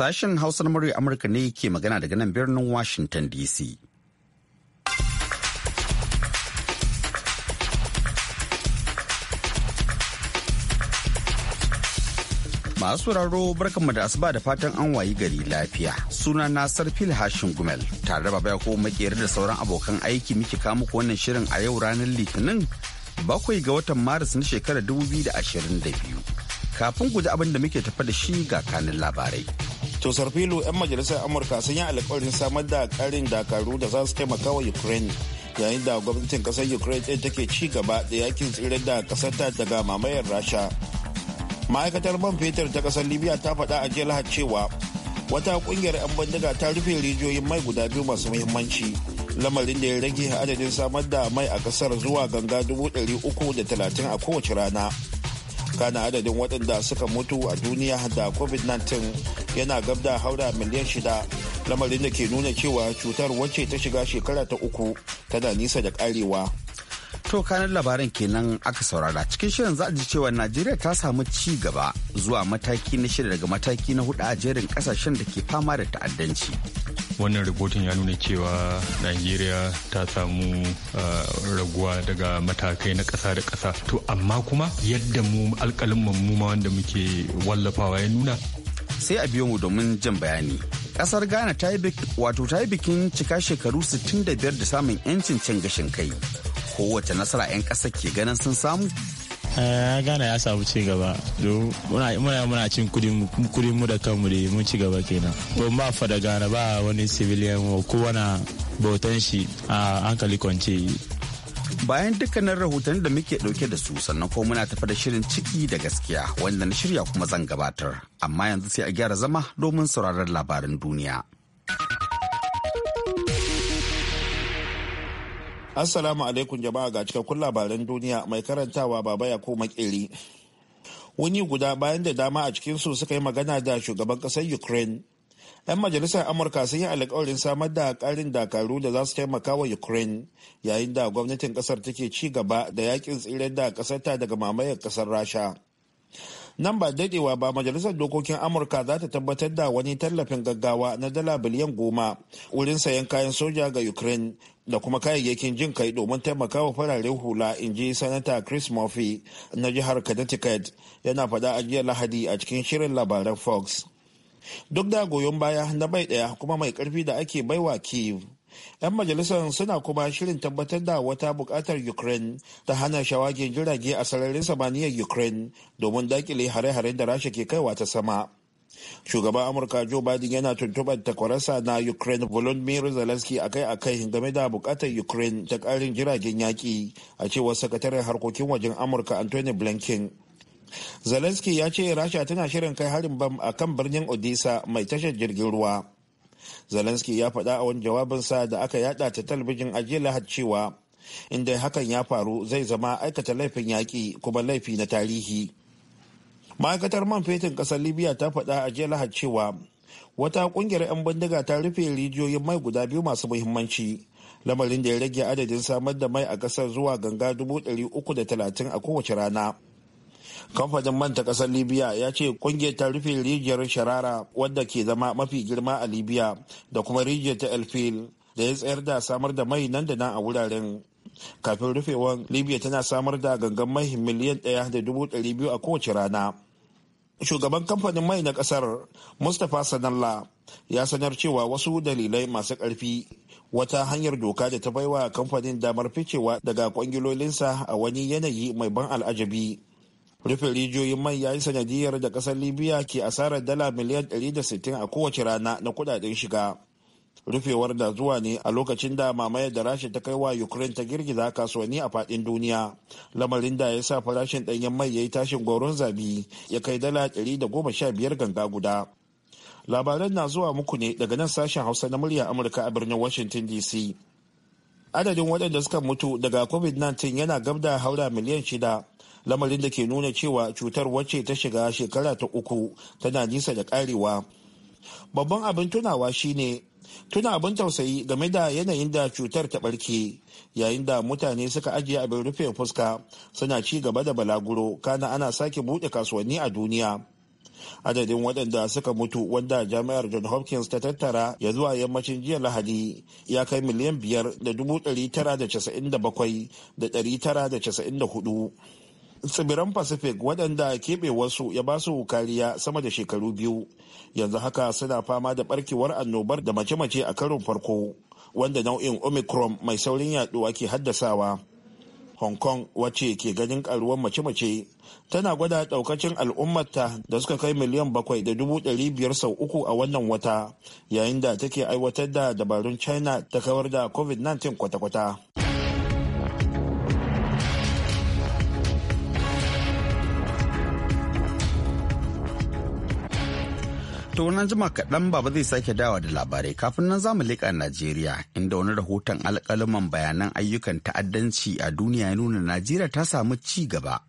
Sashen Hausa na murya Amurka ne ke magana daga nan birnin Washington DC. Masu sauraro barkanmu da asuba da fatan an wayi gari lafiya. Suna nasar fil Hashin Gumel tare da babaya ko makiyar da sauran abokan aiki miki kawo muku wannan shirin a yau ranar Litinin bakwai ga watan Maris na shekarar 2022. Kafin guji abin da muke tafa da shi ga kanin labarai. to sarfilo 'yan majalisar amurka sun yi alkawarin samar da karin dakaru da za su taimaka wa ukraine yayin da gwamnatin kasar ukraine ɗin take ci gaba da yakin tsirar da kasar ta daga mamayar rasha ma'aikatar man fetur ta kasar libya ta faɗa a jiya lahad cewa wata kungiyar 'yan bandiga ta rufe rijiyoyin mai guda biyu masu muhimmanci lamarin da ya rage adadin samar da mai a kasar zuwa ganga dubu ɗari uku da talatin a kowace rana kana adadin waɗanda suka mutu a duniya da covid-19 yana gabda da haura miliyan shida lamarin da ke nuna cewa cutar wacce ta shiga shekara ta uku tana nisa da karewa. To kanan labaran kenan aka saurara cikin shirin za a ji cewa Najeriya ta samu ci gaba zuwa mataki na shida daga mataki na hudu a jerin kasashen da ke fama da ta'addanci. Wannan rahoton ya nuna cewa Najeriya ta samu uh, raguwa daga matakai na ƙasa da ƙasa. To amma kuma yadda mu alƙalin mu ma wanda muke wallafawa ya nuna sai a biyo mu domin jin bayani. Kasar Ghana ta yi bikin cika shekaru 65 da samun 'yancin cin gashin kai. Kowace nasara 'yan ƙasa ke ganin sun samu? Eh, Ghana ya samu ci gaba. Muna muna cin kudin mu da kanmu da mun ci gaba kenan. Don ba fa da Ghana ba wani civilian ko wani bautan shi a hankali kwance. bayan dukkanin rahoton da muke dauke da su sannan ko muna tafi da shirin ciki da gaskiya wanda na shirya kuma zan gabatar amma yanzu sai a gyara zama domin sauraron labarin duniya assalamu alaikum jama'a ga cikakkun labaran duniya mai karantawa baba ya koma ƙeri? wani guda bayan da dama a cikinsu suka yi magana da shugaban ƙasar ukraine 'yan majalisar amurka sun yi alkawarin samar da karin dakaru da za su taimaka wa ukraine yayin da gwamnatin kasar take ci gaba da yakin tsirar da kasarta daga mamayar kasar rasha nan ba dadewa ba majalisar dokokin amurka za ta tabbatar da wani tallafin gaggawa na dala biliyan goma wurin sayan kayan soja ga ukraine da kuma kayayyakin jin kai domin taimakawa fararen hula in ji sanata chris murphy na jihar connecticut yana faɗa a jiya lahadi a cikin shirin labaran fox duk da goyon baya na bai daya kuma mai karfi da ake baiwa kiev 'yan majalisar suna kuma shirin tabbatar da wata bukatar ukraine ta hana shawagin jirage a sararin samaniyar ukraine domin dakile hare-haren da rasha ke kaiwa ta sama shugaban amurka joe biden yana tuntuɓar takwarasa na ukraine volodymyr zelensky akai-akai game da bukatar ukraine ta karin jiragen yaƙi a cewar sakataren harkokin wajen amurka anthony blinken zelensky ya ce rasha tana shirin kai harin bam a kan birnin odisa mai tashar jirgin ruwa zelensky ya faɗa a wani jawabinsa da aka yada ta talabijin ajiye lahad cewa inda hakan ya faru zai zama aikata laifin yaƙi kuma laifi na tarihi ma'aikatar man fetin ƙasar libya ta faɗa a jiya lahad cewa wata ƙungiyar 'yan bindiga ta rufe rijiyoyin mai guda biyu masu muhimmanci lamarin da ya rage adadin samar da mai a ƙasar zuwa ganga dubu ɗari uku da talatin a kowace rana kamfanin man ta kasar libya ya ce kungiyar ta rufe rijiyar sharara wadda ke zama mafi girma a libya da kuma rijiyar ta elfil da ya tsayar da samar da mai nan da nan a wuraren kafin rufewan libya tana samar da gangan mai miliyan ɗaya da dubu ɗari biyu a kowace rana shugaban kamfanin mai na kasar mustapha sanalla ya sanar cewa wasu dalilai masu karfi wata hanyar doka da ta baiwa kamfanin damar ficewa daga kwangilolinsa a wani yanayi mai ban al'ajabi rufe rijiyoyin mai ya yi sanadiyar da kasar libya ke asarar dala miliyan 160 a kowace rana na kudaden shiga rufewar da zuwa ne a lokacin da mamayar da rasha ta kai wa ukraine ta girgiza kasuwanni a fadin duniya lamarin da ya sa farashin danyen mai ya yi tashin goron zabi ya kai dala 115 ganga guda labaran na zuwa muku ne daga nan sashen hausa na murya amurka a birnin washington dc adadin waɗanda suka mutu daga covid-19 yana gabda da haura miliyan shida lamarin da ke nuna cewa cutar wacce ta shiga shekara ta uku tana nisa da karewa babban abin tunawa shine tuna abin tausayi game da yanayin da cutar ta barke yayin da mutane suka ajiye abin rufe fuska suna ci gaba da balaguro kana ana sake buɗe kasuwanni a duniya adadin waɗanda suka mutu wanda jami'ar john hopkins ta tattara ya zuwa yammacin jiya lahadi ya kai miliyan biyar da dubu ɗari tara da casa'in da bakwai da ɗari tara da casa'in da hudu tsibiran pacific waɗanda keɓewarsu ya ba su kariya sama da shekaru biyu yanzu haka suna fama da barkewar annobar da mace-mace a karon farko wanda nau'in omicron mai saurin yaduwa ke haddasawa hong kong wacce ke ganin karuwar mace-mace tana gwada daukacin al'ummarta da suka kai miliyan bakwai da dubu ɗari biyar sau uku a wannan wata yayin da take aiwatar da dabarun china ta kawar da covid-19 kwata-kwata To nan jima kaɗan baba zai sake dawa da labarai kafin nan zamu leƙa Najeriya inda wani rahoton alƙaluman bayanan ayyukan ta'addanci a duniya ya nuna Najeriya ta samu ci gaba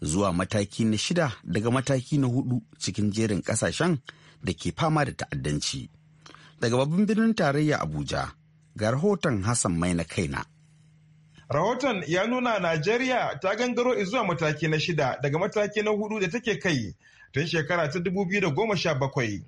zuwa mataki na shida daga mataki na hudu cikin jerin ƙasashen da ke fama da ta'addanci. Daga babban birnin tarayya Abuja ga rahoton Hassan mai na kaina. Rahoton ya nuna Najeriya ta gangaro zuwa mataki na shida daga mataki na hudu da take kai tun shekara ta bakwai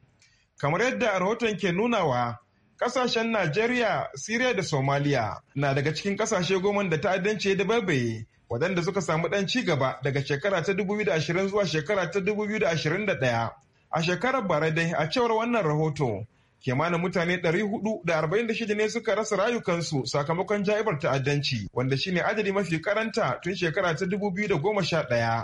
Kamar yadda rahoton ke nunawa, kasashen Najeriya, Siriya da Somaliya na daga cikin kasashe goma da ta'addanci ya dabaibaye waɗanda suka samu ɗan ci gaba daga shekara ta 2020 zuwa shekara ta 2021. A shekarar bara dai a cewar wannan rahoto, kimanin mutane 446 ne suka rasa rayukansu sakamakon ja'ibar ta'addanci wanda shine adadi mafi karanta tun shekara ta ɗaya.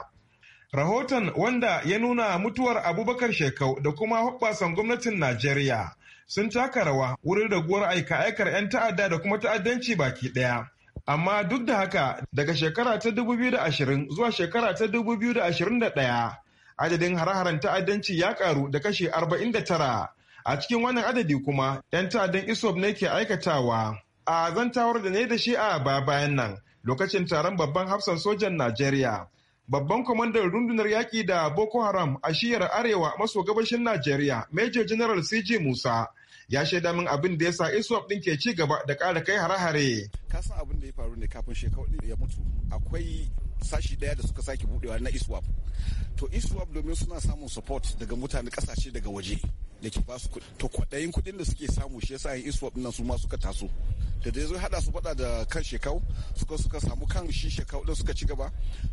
Rahoton wanda ya nuna mutuwar Abubakar Shekau da kuma hoɓɓasan gwamnatin Najeriya sun taka rawa wurin raguwar aika-aikar 'yan ta'adda da kuma ta'addanci baki ɗaya. Amma duk da haka daga shekara ta 2020 zuwa shekara ta 2021 adadin hare-haren ta'addanci ya karu da kashi 49 a cikin wannan adadi kuma 'yan ta'addan ISOP ne ke aikatawa. A zantawar da ne da shi a bayan nan lokacin taron babban hafsan sojan Najeriya. Babban kwamandan rundunar yaƙi da Boko Haram a shiyar Arewa maso gabashin Najeriya, Major General CJ Musa, ya shaida min abin da ya sa ISWAP ɗin ke ci gaba da ƙara kai hare-hare. Ka san abin da ya faru ne kafin shekaru ya mutu akwai sashi daya da suka sake budewa na ISWAP. To ISWAP domin suna samun support daga mutane kasashe daga waje. da ke basu kuɗi to kwaɗayin kuɗin da suke samu shi yasa yin iswap nan su ma suka taso da dai zai hada su faɗa da kan shekau suka suka samu kan shi shekau ɗin suka ci gaba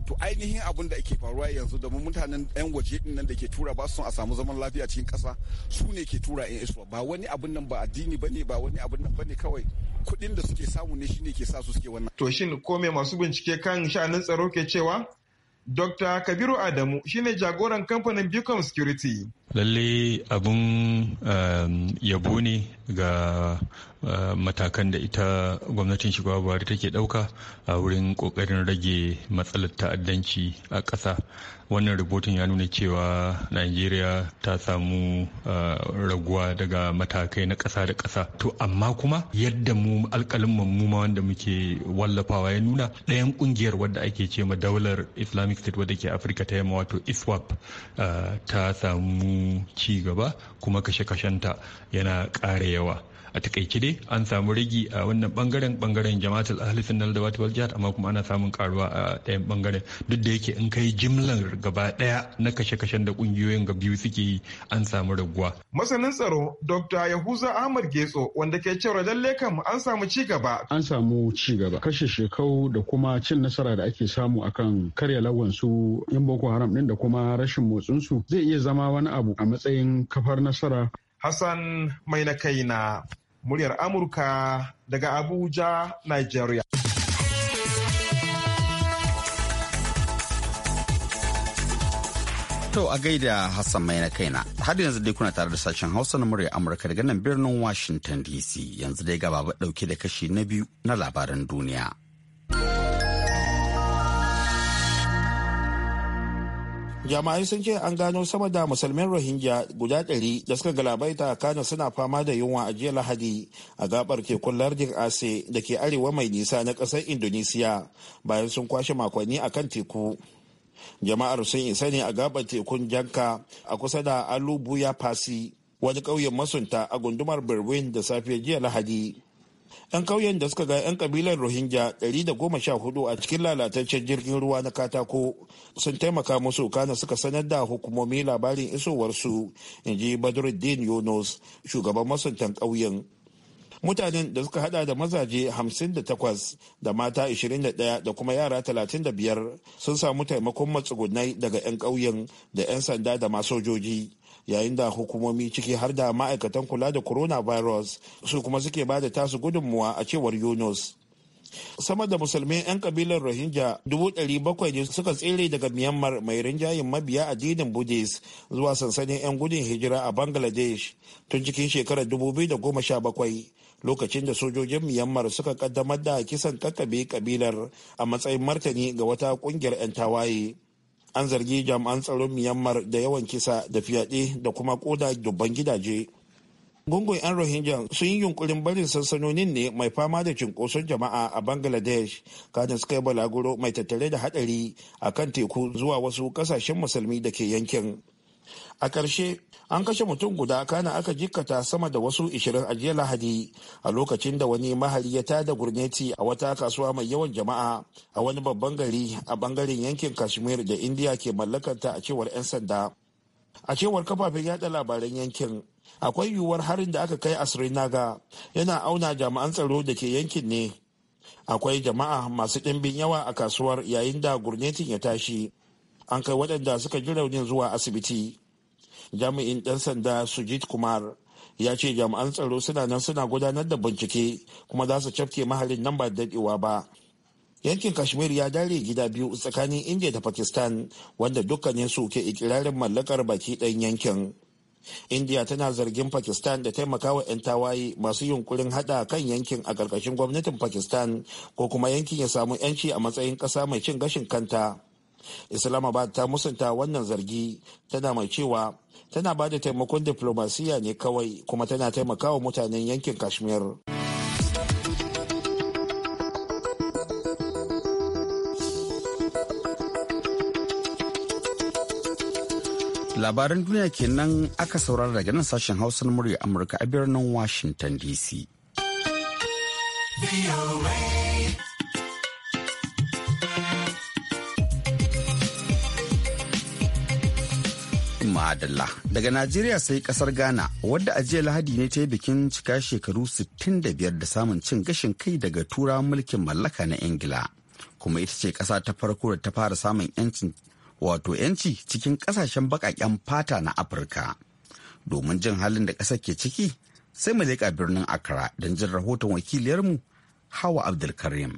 to ainihin abin da ake faruwa yanzu da mutanen yan waje din nan da ke tura ba su a samu zaman lafiya cikin ƙasa su ne ke tura yan iswap ba wani abin nan ba addini bane ba wani abin nan bane kawai kuɗin da suke samu ne shine ke sa su suke wannan to shin ko me masu bincike kan sha'anin tsaro ke cewa Dr. Kabiru Adamu shine jagoran kamfanin Beacon Security. Lalle abun um, yabo ne ga uh, matakan da ita gwamnatin shugaba Buhari take ɗauka a wurin ƙoƙarin rage matsalar ta'addanci a ƙasa. wannan rubutun ya nuna cewa najeriya ta samu uh, raguwa daga matakai na ƙasa da ƙasa to amma kuma yadda mu alƙalin mu ma wanda muke wallafawa ya nuna ɗayan ƙungiyar wadda ake ce ma daular islamic state wadda ke afirka ta yamma wato iswap uh, ta samu ci gaba kuma kashe-kashenta yana ƙara yawa a takaice dai an samu ragi a wannan bangaren bangaren jama'atul ahli sunnah da wal amma kuma ana samun karuwa a ɗayan bangaren duk da yake in kai jimlar gaba daya na kashe-kashen da kungiyoyin ga biyu suke yi an samu raguwa masanin tsaro dr yahuza ahmad getso wanda ke cewa lalle kam an samu ci gaba an samu ci gaba kashe shekau da kuma cin nasara da ake samu akan karya lawan su yan boko haram din da kuma rashin motsin su zai iya zama wani abu a matsayin kafar nasara Hassan mai na kaina muryar Amurka daga Abuja, Nigeria. To a gaida Hassan mai na kaina, har yanzu dai kuna tare da sashen Hausa na murya Amurka daga nan birnin Washington DC yanzu dai gaba ba dauke da kashi na biyu na labaran duniya. jama'ai sun ce an gano sama da musulmin rohingya guda ɗari da suka galabaita kana suna fama da yunwa a jiya lahadi a gabar tekun lardin ase da ke arewa mai nisa na ƙasar indonesiya bayan sun kwashe makonni a kan teku jama'ar sun isa ne a gabar tekun janka a kusa da alubuya fasi wani ƙauyen masunta a gundumar berwin da safiyar jiya lahadi 'yan ƙauyen da suka ga 'yan ƙabilar rohingya 114 a cikin lalataccen jirgin ruwa na katako sun taimaka musu kana suka sanar da hukumomi labarin isowarsu in ji badruddin yunus shugaban masuntan ƙauyen mutanen da suka hada da mazaje 58 da mata 21 da kuma yara 35 sun samu taimakon matsugunai daga 'yan ƙauyen da 'yan sanda da masojoji yayin da hukumomi ciki har da ma'aikatan kula da coronavirus su kuma suke ba da tasu gudunmuwa a cewar yunus sama da musulmi 'yan kabilar rohingya 700 ne suka tsere daga myanmar mai rinjayen mabiya addinin buddhist zuwa sansanin 'yan gudun hijira a bangladesh tun cikin shekarar 2017 lokacin da sojojin myanmar suka kaddamar da kisan kakkabe kabilar a matsayin martani ga wata kungiyar 'yan tawaye an zargi jami'an tsaron myanmar da yawan kisa da fyaɗe da kuma koda dubban gidaje gungun 'yan rohingya sun yi yunkurin barin sansanonin ne mai fama da cinkoson jama'a a bangladesh kada suka yi balaguro mai tattare da hadari a kan teku zuwa wasu ƙasashen musulmi da ke yankin a ƙarshe an kashe mutum guda kana aka jikkata sama da wasu 20 a jiya lahadi a lokacin da wani mahari ya tada gurneti a wata kasuwa mai yawan jama'a a wani babban gari a bangaren yankin kashmir da indiya ke mallakanta a cewar 'yan sanda a cewar kafafen yada labaran yankin akwai yiwuwar harin da aka kai a srinaga yana auna jami'an tsaro da ke yankin ne akwai jama'a masu ɗimbin yawa a kasuwar yayin da gurnetin ya tashi an kai waɗanda suka ji raunin zuwa asibiti jami'in ɗan sanda sujit kumar ya ce jami'an tsaro suna nan suna gudanar da bincike kuma za su cafke mahalin nan ba daɗewa ba yankin kashmir ya dare gida biyu tsakanin india da pakistan wanda dukkanin su ke ikirarin mallakar baki ɗayan yankin india tana zargin pakistan da taimakawa 'yan tawaye masu yunkurin hada kan yankin a ƙarƙashin gwamnatin pakistan ko kuma yankin ya samu 'yanci a matsayin ƙasa mai cin gashin kanta islamabad ta musanta wannan zargi tana mai cewa tana ba da taimakon diflomasiya ne kawai kuma tana taimakawa mutanen yankin kashmir labaran duniya kenan aka saurara daga nan sashen hausa na murya amurka a birnin washington dc Madalla. Daga Najeriya sai kasar Ghana wadda a jiya Lahadi ne ta yi bikin cika shekaru 65 da samun cin gashin kai daga tura mulkin mallaka na Ingila. Kuma ita ce kasa ta farko da ta fara samun yancin wato yanci cikin kasashen baƙaƙen fata na Afirka. Domin jin halin da ƙasar ke ciki sai mu leƙa birnin Accra don jin rahoton wakiliyarmu Hawa Abdulkarim.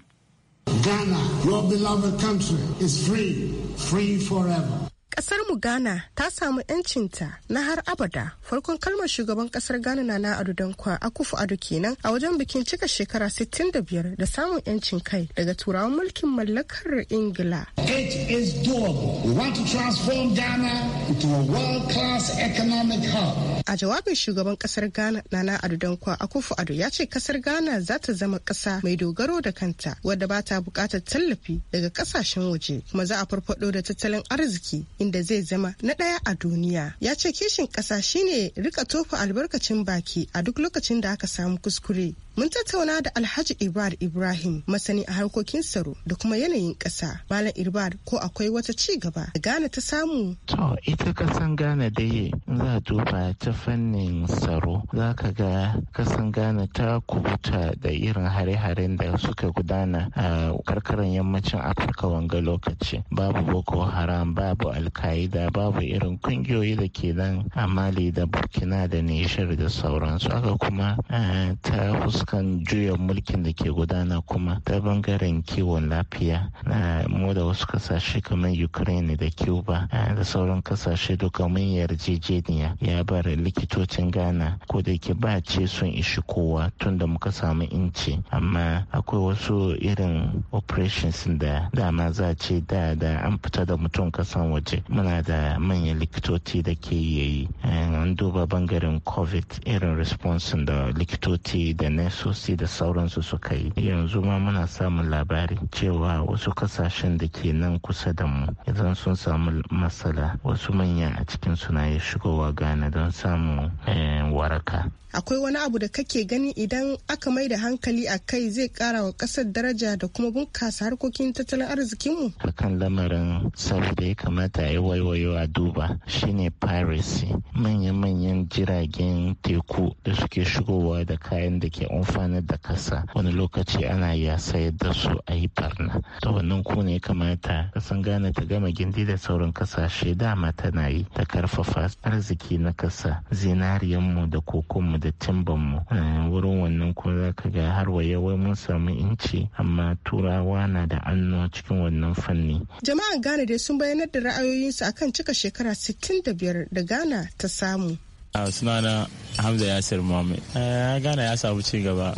Ghana, your beloved country, is free, free forever. kasar mu Ghana ta samu yancinta na har abada. Farkon kalmar shugaban kasar Ghana na na Ado kwa akufu adu kenan a wajen bikin cika shekara 65 da samun yancin kai daga turawan mulkin mallakar Ingila. It is doable. We want to transform Ghana into a world-class economic hub. A jawabin shugaban kasar Ghana na Ado kwa akufu adu ya ce kasar Ghana za ta zama kasa mai dogaro da kanta wadda ba ta bukatar tallafi daga kasashen waje kuma za a farfado da tattalin arziki inda zai zama na ɗaya a duniya. Ya ce kishin ƙasa shine rika tofa albarkacin baki a duk lokacin da aka samu kuskure Mun tattauna da Alhaji Ibar Ibrahim masani a harkokin tsaro da kuma yanayin ƙasa. Malam Ibar ko akwai wata ci gaba da Ghana ta samu? To ita kasan Ghana dai za a duba ta fannin tsaro za ka ga kasan Ghana ta kubuta da irin hare-haren da suka gudana a karkarar yammacin Afirka wanga lokaci. Babu Boko Haram, babu Alkaida, babu irin kungiyoyi da ke nan a Mali da Burkina da Nishir da sauransu. Aka kuma eh, ta Kan juya mulkin da ke gudana kuma ta bangaren kiwon lafiya na mu da wasu kasashe kamar ukraine da cuba eh, da sauran kasashe duka mun yarjejeniya ya bar likitocin ghana ko da ke ba ce sun ishi kowa tun da muka samu inci amma akwai wasu irin operations da dama za ce da da an fita da mutum kasan waje muna da manyan likitoci da ke yayi eh, an duba bangaren covid irin response da likitoci da nurse sosai da sauransu suka yi yanzu ma muna samun labarin cewa wasu kasashen da ke nan kusa da mu idan sun samu matsala wasu manya a cikin suna ya shigowa gane don samun eh, waraka akwai wani abu da kake gani idan aka mai da hankali a kai zai kara wa kasar daraja da kuma bunkasa harkokin tattalin arzikinmu akan lamarin saboda ya kamata a yi waiwayo a duba shine piracy manya-manyan jiragen teku da suke shigowa da kayan da ke amfanar da kasa wani lokaci ana ya sayar da su a yi barna Ta wannan ku ne kamata kasan gane ta gama gindi da sauran kasashe dama tana yi ta karfafa arziki na kasa zinariyanmu da kokonmu da timbanmu eh, wurin wannan ko za ka ga har wayawai mun samu inci amma turawa na da anno cikin wannan fanni jama'an gane dai sun bayyanar da ra'ayoyinsu akan cika shekara 65 da ghana ta samu a sunana hamza yasir muhammad eh, gana ya samu ci gaba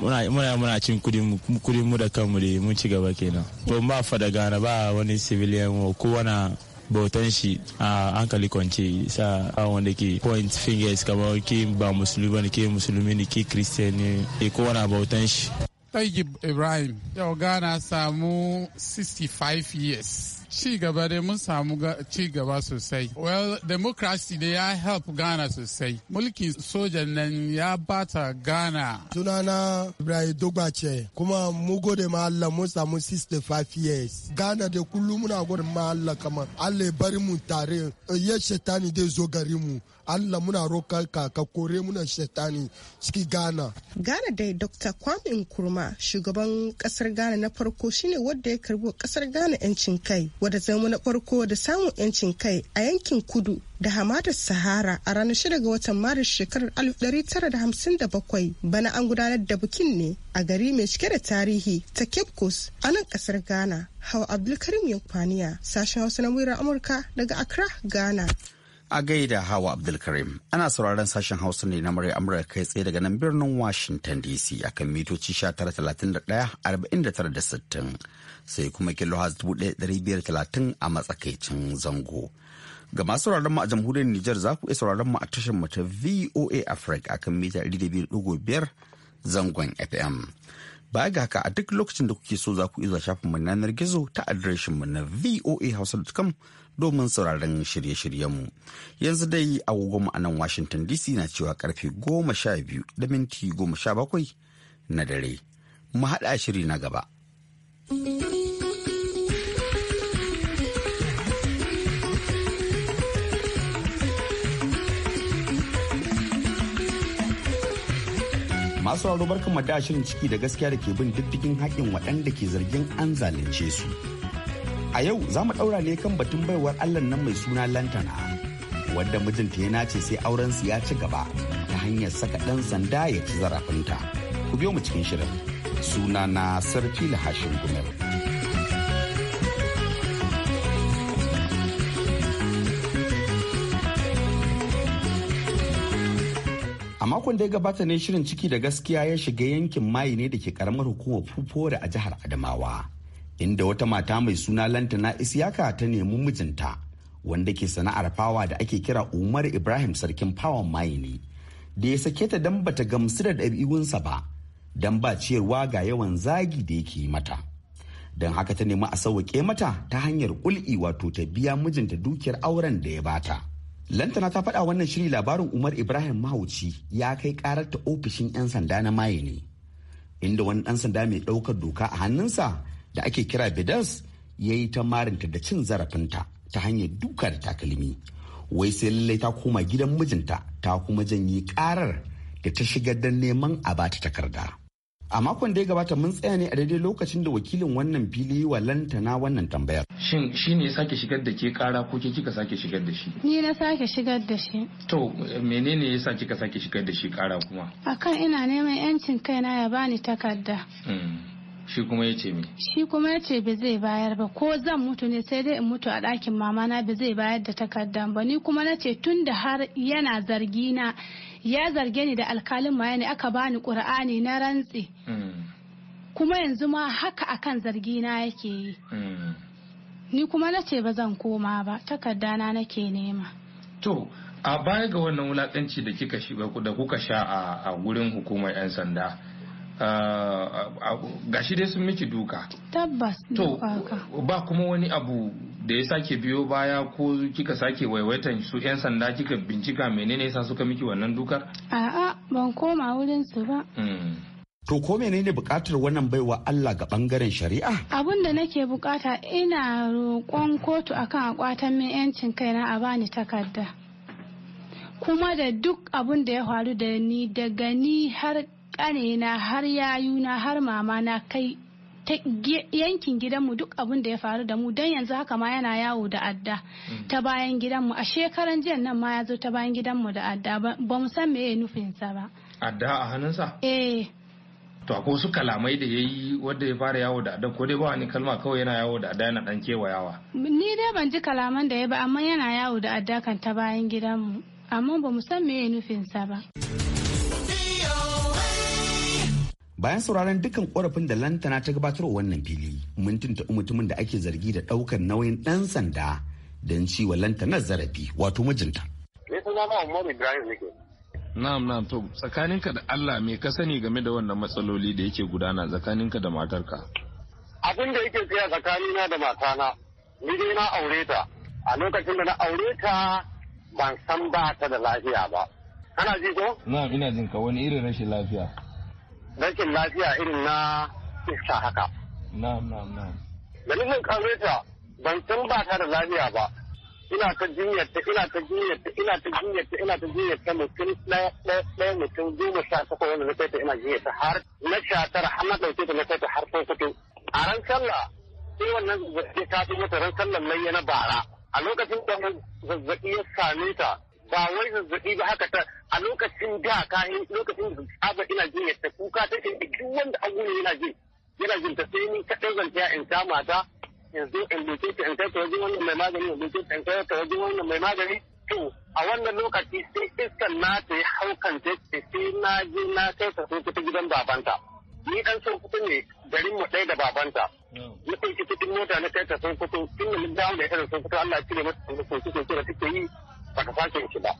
muna muna cin kudin mu da kanmu da mun ci gaba kenan to ba fada gana ba wani civilian ko kowane bautan shi a hankali kwanci sa wanda ke point fingers kamar ke ba musulmi ne ke musulmi ne ke christian ne ke eh, kowane bautan shi you Ibrahim yau Ghana samu 65 years ci gaba dai mun samu ci gaba sosai. Well, democracy dai ya help Ghana sosai. Mulkin sojan nan ya bata Ghana. Sunana Ibrahim Dogbace kuma mu gode ma Allah mun samu 65 years. Ghana da kullum muna gode ma Allah kamar Allah ya bari mu tare ya shetani dai zo gari mu. Allah muna roƙar ka ka kore muna shetani ciki Ghana. Ghana dai Dr. Kwame Nkrumah shugaban ƙasar Ghana na farko shine wanda ya karbi ƙasar Ghana 'yancin kai. wadda zama na farko da samun 'yancin kai a yankin kudu da hamadar sahara a ranar 6 ga watan maris shekarar 1957 bana an gudanar da bikin ne a gari mai cike da tarihi ta cape coast a nan kasar ghana hawa abdulkarim yankwaniya sashen hausa na murar amurka daga accra ghana A gaida Hawa Abdulkarim, ana sauraron sashen Hausa ne na murya Amurka kai tsaye daga nan birnin Washington DC akan mitoci 1931-4960 sai kuma kilohaz 1530 a matsakaicin zango. Ga masu sauraron mu a jamhuriyar Nijar za ku iya sauraron mu a tashar mu ta VOA Africa akan mita 200.5 zangon FM. Ba ga haka a duk lokacin da kuke so za ku iya shafin mu yanar gizo ta adireshin mu na VOA hausa.com domin sauraron shirye-shiryenmu. Yanzu dai agogo a nan Washington DC na cewa karfe goma sha biyu da minti goma sha bakwai na dare. Mu haɗa shiri na gaba. masu sauraro barkan da shirin ciki da gaskiya da ke bin diddigin haƙƙin waɗanda ke zargin an zalunce su A yau za mu ɗaura ne kan batun baiwar Allah nan mai suna lantana. Wadda mijinta ya nace sai auren su ya ci gaba ta hanyar saka ɗan sanda ya ci zarafinta. Ku biyo mu cikin shirin. Suna na sarki Lahashin Gumel. A makon da ya gabata ne shirin ciki da gaskiya ya shiga yankin mayi ne da ke karamar hukumar fufore a jihar Adamawa. inda wata mata mai suna lantana isiyaka ta nemi mijinta wanda ke sana'ar fawa da ake kira umar ibrahim sarkin fawan ne da ya sake ta don bata gamsu da ɗabi'unsa ba don ba ciyarwa ga yawan zagi da yake mata don haka ta nemi a sauwaƙe mata ta hanyar kul'i wato ta biya mijinta dukiyar auren da ya bata lantana ta faɗa wannan shiri labarin umar ibrahim mahauci ya kai ƙarar ta ofishin 'yan sanda na maye ne inda wani ɗan sanda mai ɗaukar doka a hannunsa da ake kira bidans ya yi ta marinta da cin zarafinta ta hanyar duka da takalmi. Wai sai lallai ta koma gidan mijinta ta kuma janye karar da ta shigar don neman a bata takarda. A makon da ya gabata mun tsaya ne a daidai lokacin da wakilin wannan fili wa lantana wannan tambayar. Shin shi ne sake shigar da ke kara ko ke kika sake shigar da shi? Ni na sake shigar da shi. To menene ya sa kika sake shigar da shi kara kuma? Akan ina neman 'yancin kaina ya bani takarda. Hmm. shi kuma ya ce mi shi kuma ya ce ba zai bayar ba ko zan mutu ne sai dai in mutu a ɗakin na ba zai bayar da takardan ba ni kuma na ce tun da har yana zargi na ya zarge ni da alkalin maya ne aka bani ƙur'ani na rantse hmm. kuma yanzu ma haka akan zargi na yake yi hmm. ni kuma na ce ba zan koma ba na nake nema to a baya ga wannan wulakanci da kika shiga da kuka sha a gurin hukumar 'yan sanda Ah, ah, gashi dai sun miki duka tabbas to ba kuma wani abu da ya sake biyo baya ko kika sake waiwaitan su 'yan sanda kika bincika menene yasa suka miki wannan dukar a'a ban koma wurin su ba hmm. To ko menene bukatar wannan baiwa Allah ga bangaren shari'a? Abin da nake bukata ina roƙon kotu akan akwatan min yancin kaina a bani takarda. Kuma da duk abun da ya faru da ni daga ni har ƙanena har yayuna har mama na kai ta yankin gidanmu duk abin da ya faru da mu don yanzu haka ma yana yawo da adda mm. ta bayan gidanmu a shekaran jiya nan ma ya zo ta bayan gidanmu da adda ba mu san me ya nufinsa ba adda a hannunsa eh to akwai wasu kalamai da ya yi wadda ya fara yawo da adda ko dai ba wani kalma kawai yana yawo da adda yana dan kewayawa ni dai ban ji kalaman da ya ba amma yana yawo da adda kan ta bayan gidanmu amma ba mu san me ya nufinsa ba bayan sauraron dukkan korafin da lantana ta gabatar wa wannan fili mun mutumin da ake zargi da ɗaukar nauyin ɗan sanda don ciwa lantanar zarafi wato mijinta. Na'am na'am to tsakaninka da Allah me ka sani game da wannan matsaloli da yake gudana tsakaninka da matarka? Abin da yake tsaya tsakanina da matana, ni na aure ta. A lokacin da na aure ta ban san ba ta da lafiya ba. Kana ji ko? Na'am ina jin ka wani irin rashin lafiya. rashin lafiya irin na iska haka. Na'am na'am na'am. Da nufin kare ta ban san ba ta da lafiya ba. Ina ta jinyar ta ina ta jinyar ta ina ta jinyar ta ina ta jinyar ta mutum ɗaya mutum goma sha takwas wanda na kai ta ina jinyar ta har na sha tara har na ɗauke ta na kai ta har sai kuke. A ran sallah sai wannan zazzaɓi ta fi mata ran sallan lai na bara. A lokacin da zazzaɓi ya same ta ba wai zazzaɓi ba haka ta a lokacin da yi lokacin da tsaba ina jin yadda kuka ta ke duk wanda an yana jin yana jin ta sai ni kaɗai zan ta in kama ta yanzu in doke ta in kai ta wajen wannan mai magani in doke ta in kai ta wajen wannan mai magani to a wannan lokaci sai iskan na ta yi haukan ta sai na je na kai ta sun fita gidan babanta ni dan son kuɗi ne garin mu ɗaya da babanta na ɗauki cikin mota na kai ta sun fito tun da mun dawo da ita sun fito Allah ya cire masa sun fito sun fito da take yi baka sake shi ba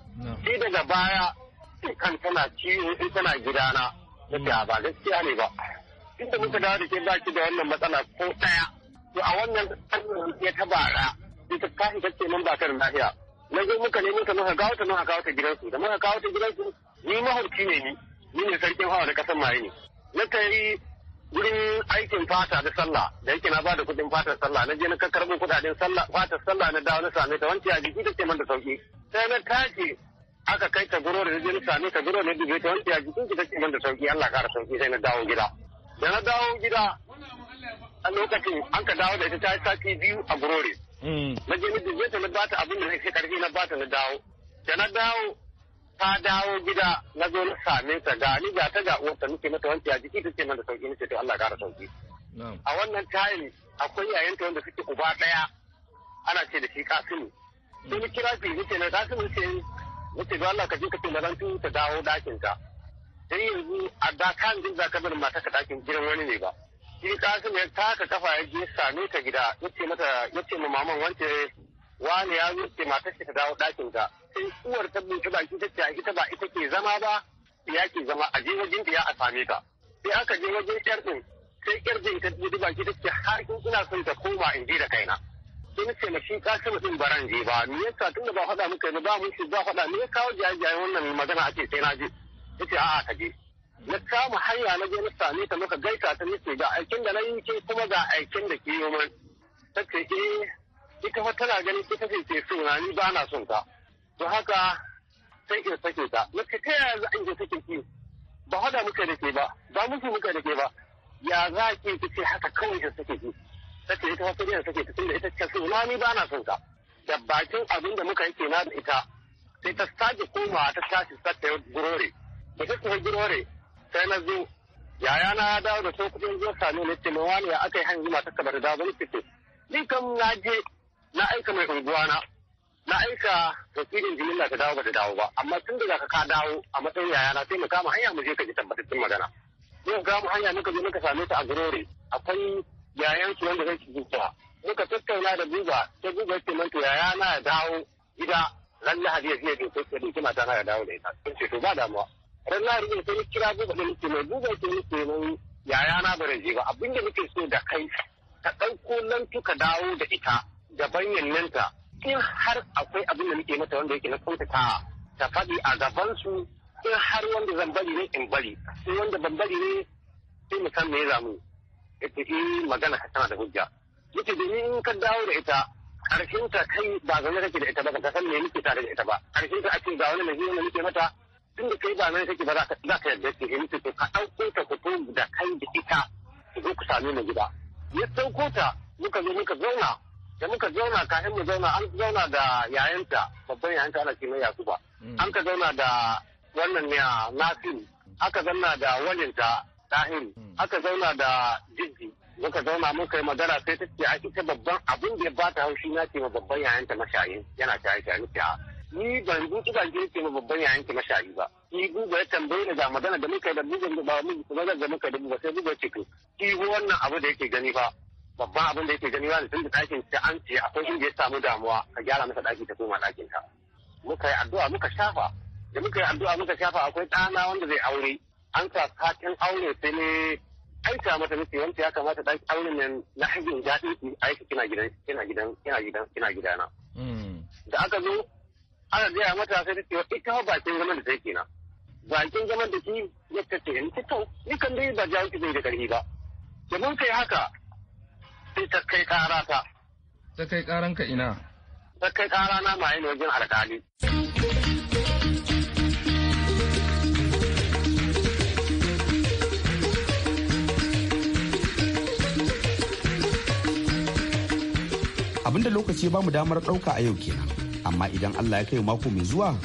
shi daga baya kan tana ciwo in tana gidana na ba gaskiya ne ba inda muka dawo da ke ba ki da wannan matsala ko daya to a wannan kanin ya ta bara ita ka ta ce nan ba ta da lafiya na zo muka ne muka muka gawo ta muka kawo ta gidansu da muka kawo ta gidansu ni mahauci ne ni ni ne sarkin hawa da kasan maye ne na kai wurin aikin fata da sallah da yake na ba da kuɗin fatar sallah na je na karɓo kuɗaɗen sallah fatar sallah na dawo na same ta wanke a jiki take man da sauki sai na tashi aka kai ta guro da jini sami ta guro na dubi ta wanda ya jikin ki take min da sauki Allah kara sauki sai na dawo gida da na dawo gida a lokacin an ka dawo da ita ta yi sati biyu a gurore mm. na je ni dubi ta na bata abin da nake karfi na bata na dawo da na dawo ta dawo gida na zo na same ta ga ni ga ta ga uwarta nake mata ya a jiki take min da sauki nace to Allah kara sauki a wannan tayin akwai yayanta wanda suke uba daya ana ce da shi kasimu sai kira shi nake na ta kuma ce nake Allah ka je ka ce ta dawo dakin ka sai yanzu a da kan jin ka bar mata ka dakin gidan wani ne ba shi kasim ya taka kafa ya je same ta gida yace mata yace ma maman wance wani ya zo ce matar ta dawo dakin ka sai uwar ta bin ta baki ta ita ba ita ke zama ba ya ke zama a je wajen ya a same ka sai aka je wajen yar din sai yar din ta duba ki ta har kin ina son ta koma in je da kaina sai na ce ma shi kasimu mutum baran je ba ni yasa tun da ba faɗa muka ba mun shi ba faɗa ni ya kawo jayayen wannan magana ake sai na je yace a'a ka je na kama hanya na je na same ta muka gaita ta nace ga aikin da na yi ke kuma ga aikin da ke yi min ta ce eh ita fa tana ganin ita ce ke so na ni ba na son ta to haka sai ke sake ta na ce ta yaya za in je take ki ba faɗa muka da ke ba ba musu muka da ke ba ya za ki ta ce haka kawai ta sake ki take ita ta da take ta tunda ita ta suna ni ba na son ta da bakin abin da muka yi na da ita sai ta sake koma ta tashi ta ya gurore da ta tafi gurore sai na zo yaya na ya dawo da sokokin zuwa sami ne ce wani ya aka yi yi ta kabar da zan fito ni kam na je na aika mai unguwa na na aika jimin na ta dawo ba ta dawo ba amma tun daga ka ka dawo a matsayin yaya na sai mu kama hanya mu je ka ji tabbatattun magana. Yau kama hanya muka je muka same ta a gurore akwai yayan su wanda zai zuwa muka tattauna da buba ta buba ya ce manta yaya na ya dawo gida ran lahadi ya zai bai kusa da kuma ta ya dawo da ita sun ce to ba damuwa ran lahadi ne sai kira buba da nake mai buba ce nake mai yaya na bare je ba abinda nake so da kai ka ɗauko nan tuka dawo da ita Da nan ta. in har akwai abin da nake mata wanda yake na kuntata ta faɗi a gaban su. in har wanda zan bari ne in bari sai wanda ban bari ne sai mu san me ya zamu ita yi magana ka tana da hujja Yake domin in ka dawo da ita karshen ta kai ba zaune kake da ita ba ka san me nake tare da ita ba karshen ta ake ga wani mai da nake mata tun da kai ba mai kake ba za ka yarda ke in to ka ɗauko ta ku to da kai da ita ku zo ku same mu gida ya sauko ta muka zo muka zauna da muka zauna kafin mu zauna an zauna da yayanta babban yayanta ana ce mai yakuba mm. an ka zauna da wannan ne a aka zanna da walinta tahiri hmm. aka zauna da jiddi muka zauna muka yi magana sai ta ce ake ta babban abin da ya ba ta haushi na ce ma babban yayan ta mashayi yana shaye shaye ce a ni ban gudu ban ce ma babban yayan ta mashayi ba ki guba ya tambaye ni ga magana da muka yi da bugun da ba mu magana da muka yi da buga sai guba ce to ki go wannan abu da yake gani ba babban abin da yake gani ba tun da ɗakin ta an ce akwai inda ya samu damuwa ka gyara masa ɗaki ta koma ɗakin ta muka yi addu'a muka shafa da muka yi addu'a muka shafa akwai ɗana wanda zai aure an sa kakin aure sai ne aika mata nake wanda ya kamata dan aure ne na hajin daɗin ki aiki kina gidan kina gidan kina gidan kina gidana. Hmm. Da aka zo ana gaya mata sai ta ce ita bakin zaman da take na. Bakin zaman da ki ya kace in ki to ni kan dai ba jawo ki zai da karfi ba. Da mun kai haka sai ta kai karata. ta. kai karanka ina. Ta kai karana na ma yin wajen alƙali. abinda lokaci ba mu damar ɗauka a yau kenan amma idan allah ya kai mako mai zuwa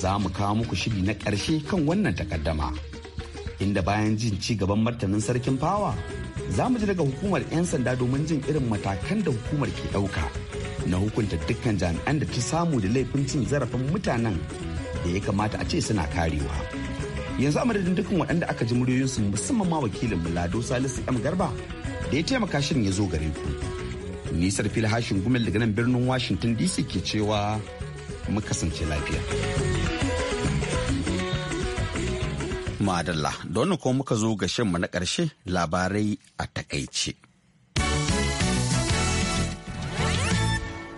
za mu kawo muku shiri na ƙarshe kan wannan takaddama inda bayan jin ci gaban martanin sarkin fawa za mu ji daga hukumar 'yan sanda domin jin irin matakan da hukumar ke ɗauka na hukunta dukkan jami'an da ta samu da laifin cin zarafin mutanen da ya kamata a ce suna karewa yanzu a madadin dukkan waɗanda aka ji muryoyinsu musamman ma wakilin lado salisu m garba da ya taimaka shirin ya zo gare ku nisar fili hashin gumel daga nan birnin washington dc ke cewa mu kasance lafiya madalla da wannan kuma muka zo ga mu na ƙarshe labarai a takaice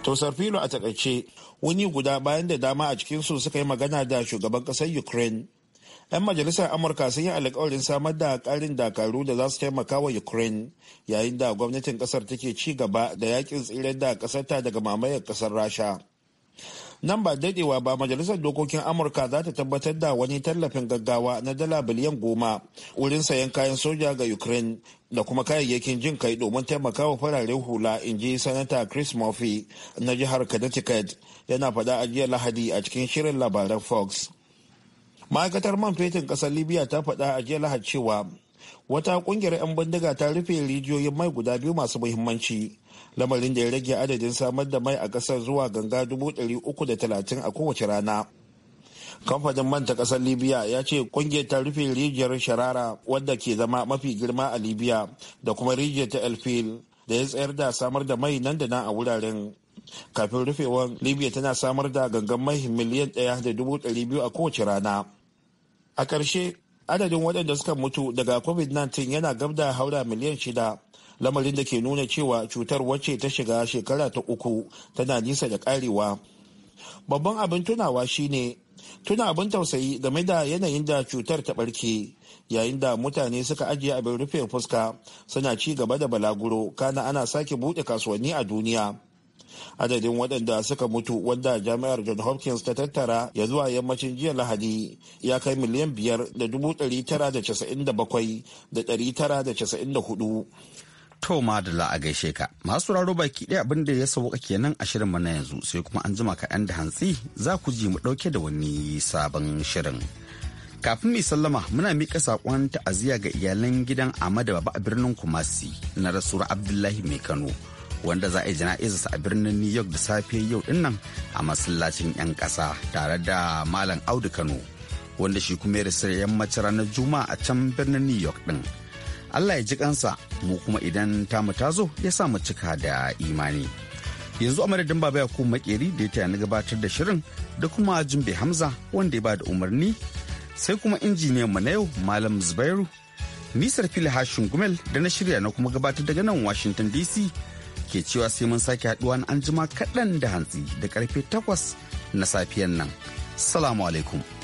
to Filo a takaice wani guda bayan da dama a cikinsu suka yi magana da shugaban ƙasar ukraine 'yan majalisar amurka sun yi alkawarin samar da karin dakaru da za su taimaka wa ukraine yayin da gwamnatin kasar take ci gaba da yakin tsirar da kasarta daga mamayar kasar rasha nan ba dadewa ba majalisar dokokin amurka za ta tabbatar da wani tallafin gaggawa na dala biliyan goma wurin sayan kayan soja ga ukraine da kuma kayayyakin jin kai domin taimakawa fararen hula in ji sanata chris murphy na jihar connecticut yana faɗa a jiya lahadi a cikin shirin labaran fox ma'aikatar man fetin kasar libya ta faɗa a jiya lahar cewa wata kungiyar 'yan bindiga ta rufe rijiyoyin mai guda biyu masu muhimmanci lamarin da ya rage adadin samar da mai a kasar zuwa ganga 330 a kowace rana kamfanin man ta kasar libya ya ce kungiyar ta rufe rijiyar sharara wadda ke zama mafi girma a libya da kuma rijiyar ta elfil da ya tsayar da samar da mai nan da nan a wuraren kafin rufewar libya tana samar da gangan mai miliyan ɗaya da dubu ɗari biyu a kowace rana a ƙarshe adadin waɗanda suka mutu daga covid-19 yana gab da haura miliyan shida lamarin da ke nuna cewa cutar wacce ta shiga shekara ta uku tana nisa da ƙarewa. babban abin tunawa shine tuna abin tausayi game da yanayin da cutar ta ɓarke yayin da mutane suka ajiye abin rufe fuska suna ci gaba da balaguro kana ana sake buɗe kasuwanni a duniya adadin wadanda suka mutu wadda jami'ar john hopkins ta tattara ya zuwa yammacin jiya lahadi ya kai miliyan biyar da dubu ɗari tara da casa'in da bakwai da ɗari tara da casa'in da hudu To da a gaishe ka. Masu raro baki ɗaya abin da ya sauka kenan a shirin mana yanzu sai kuma an jima kaɗan da hantsi za ku ji mu ɗauke da wani sabon shirin. Kafin mai sallama muna miƙa saƙon ta'aziyya ga iyalan gidan amadu Baba a birnin Kumasi na rasuwar Abdullahi Mai Kano. wanda za a yi jana'izarsa a birnin new york da safe yau dinnan a masallacin 'yan ƙasa tare da malam audu kano wanda shi kuma ya rasa yammacin ranar juma'a a can birnin new york din allah ya ji kansa mu kuma idan tamu ta zo ya sa mu cika da imani yanzu a madadin baba ya kuma makeri da ya taya na gabatar da shirin da kuma jimbe hamza wanda ya ba da umarni sai kuma injiniyan mu na yau malam zubairu nisar fili hashin gumel da na shirya na kuma gabatar daga nan washington dc ke cewa sai mun sake haɗuwa an jima kaɗan da hantsi da karfe takwas na safiyan nan. Salamu alaikum.